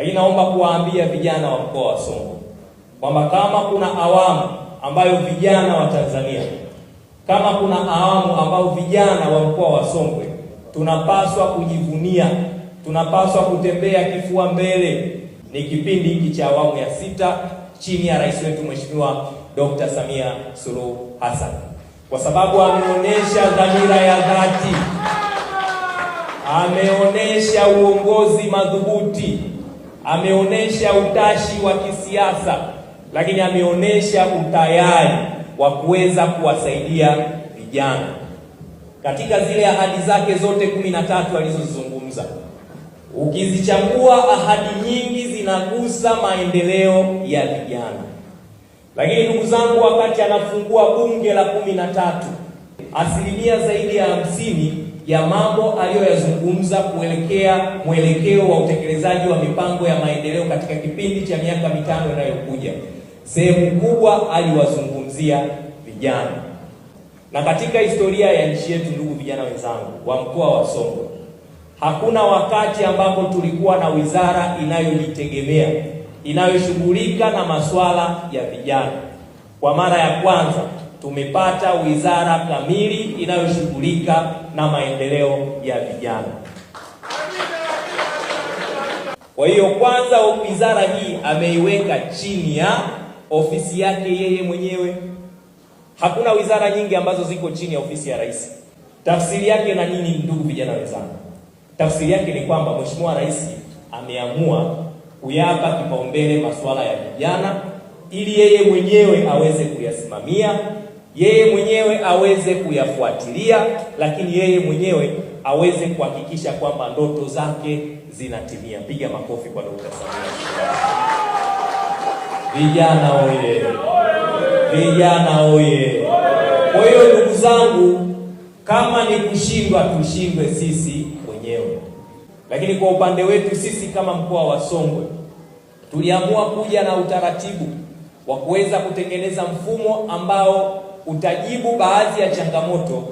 Lakini naomba kuwaambia vijana wa mkoa wa Songwe kwamba kama kuna awamu ambayo vijana wa Tanzania, kama kuna awamu ambayo vijana wa mkoa wa Songwe tunapaswa kujivunia, tunapaswa kutembea kifua mbele, ni kipindi hiki cha awamu ya sita chini ya rais wetu Mheshimiwa Dr. Samia Suluhu Hassan, kwa sababu ameonyesha dhamira ya dhati, ameonyesha uongozi madhubuti ameonyesha utashi wa kisiasa, lakini ameonyesha utayari wa kuweza kuwasaidia vijana katika zile ahadi zake zote kumi na tatu alizozizungumza. Ukizichambua ahadi nyingi zinagusa maendeleo ya vijana, lakini ndugu zangu, wakati anafungua bunge la kumi na tatu asilimia zaidi ya hamsini ya mambo aliyoyazungumza kuelekea mwelekeo wa utekelezaji wa mipango ya maendeleo katika kipindi cha miaka mitano inayokuja. Sehemu kubwa aliwazungumzia vijana, na katika historia ya nchi yetu, ndugu vijana wenzangu wa mkoa wa Songwe, hakuna wakati ambapo tulikuwa na wizara inayojitegemea inayoshughulika na masuala ya vijana. Kwa mara ya kwanza tumepata wizara kamili inayoshughulika na maendeleo ya vijana. Kwa hiyo kwanza, wizara hii ameiweka chini ya ofisi yake yeye mwenyewe. Hakuna wizara nyingi ambazo ziko chini ya ofisi ya rais. Tafsiri yake na nini, ndugu vijana wenzangu? Tafsiri yake ni kwamba Mheshimiwa Rais ameamua kuyapa kipaumbele masuala ya vijana ili yeye mwenyewe aweze kuyasimamia yeye mwenyewe aweze kuyafuatilia, lakini yeye mwenyewe aweze kuhakikisha kwamba ndoto zake zinatimia. Piga makofi kwa Dkt. Samia. Vijana oye! Vijana oye! Kwa hiyo ndugu zangu, kama ni kushindwa, tushindwe sisi wenyewe. Lakini kwa upande wetu sisi kama mkoa wa Songwe tuliamua kuja na utaratibu wa kuweza kutengeneza mfumo ambao utajibu baadhi ya changamoto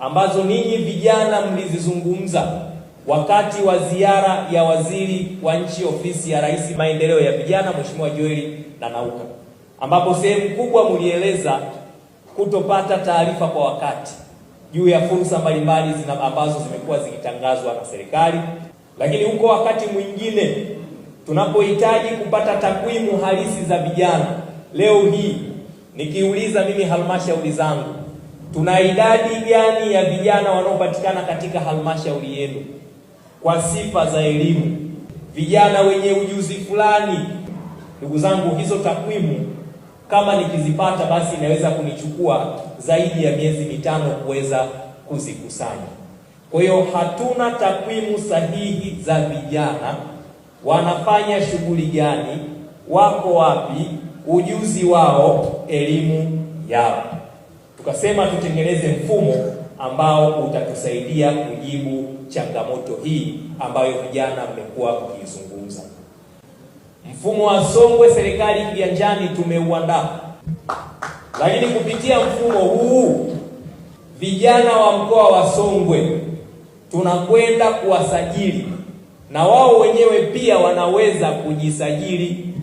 ambazo ninyi vijana mlizizungumza wakati wa ziara ya waziri wa nchi ofisi ya Rais maendeleo ya vijana, Mheshimiwa Joel Nanauka, ambapo sehemu kubwa mlieleza kutopata taarifa kwa wakati juu ya fursa mbalimbali ambazo zimekuwa zikitangazwa na serikali, lakini huko wakati mwingine tunapohitaji kupata takwimu halisi za vijana leo hii Nikiuliza mimi halmashauri zangu, tuna idadi gani ya vijana wanaopatikana katika halmashauri yenu kwa sifa za elimu, vijana wenye ujuzi fulani? Ndugu zangu, hizo takwimu kama nikizipata, basi inaweza kunichukua zaidi ya miezi mitano kuweza kuzikusanya. Kwa hiyo hatuna takwimu sahihi za vijana, wanafanya shughuli gani, wako wapi ujuzi wao, elimu yao. Tukasema tutengeneze mfumo ambao utatusaidia kujibu changamoto hii ambayo vijana mmekuwa kuizungumza. Mfumo wa Songwe Serikali Kiganjani tumeuandaa, lakini kupitia mfumo huu vijana wa mkoa wa Songwe tunakwenda kuwasajili na wao wenyewe pia wanaweza kujisajili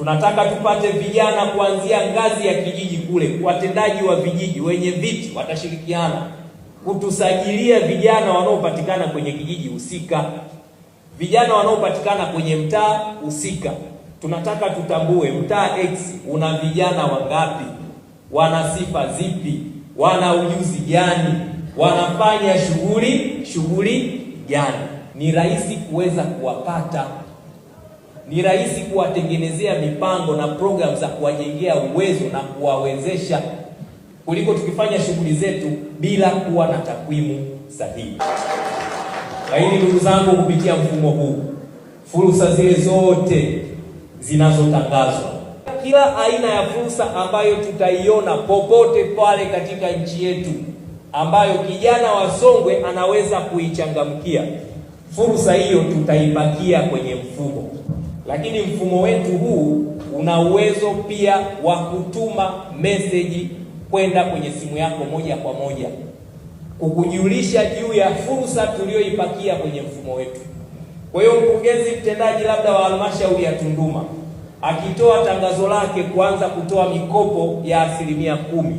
Tunataka tupate vijana kuanzia ngazi ya kijiji kule, watendaji wa vijiji, wenye viti watashirikiana kutusajilia vijana wanaopatikana kwenye kijiji husika, vijana wanaopatikana kwenye mtaa husika. Tunataka tutambue mtaa X una vijana wangapi, wana sifa zipi, wana ujuzi gani, wanafanya shughuli shughuli gani, ni rahisi kuweza kuwapata ni rahisi kuwatengenezea mipango na programu za kuwajengea uwezo na kuwawezesha kuliko tukifanya shughuli zetu bila kuwa na takwimu sahihi. Lakini ndugu zangu, kupitia mfumo huu, fursa zile zote zinazotangazwa, kila aina ya fursa ambayo tutaiona popote pale katika nchi yetu, ambayo kijana wa Songwe anaweza kuichangamkia, fursa hiyo tutaipakia kwenye mfumo lakini mfumo wetu huu una uwezo pia wa kutuma meseji kwenda kwenye simu yako moja kwa moja kukujulisha juu ya fursa tuliyoipakia kwenye mfumo wetu. Kwa hiyo mkurugenzi mtendaji labda wa halmashauri ya Tunduma akitoa tangazo lake kuanza kutoa mikopo ya asilimia kumi,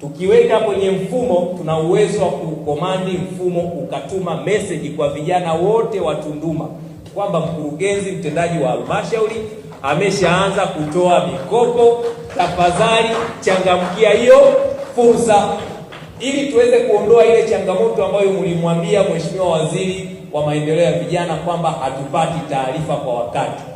tukiweka kwenye mfumo, tuna uwezo wa kukomandi mfumo ukatuma meseji kwa vijana wote wa Tunduma kwamba mkurugenzi mtendaji wa halmashauri ameshaanza kutoa mikopo. Tafadhali changamkia hiyo fursa, ili tuweze kuondoa ile changamoto ambayo mlimwambia Mheshimiwa Waziri wa Maendeleo ya Vijana kwamba hatupati taarifa kwa wakati.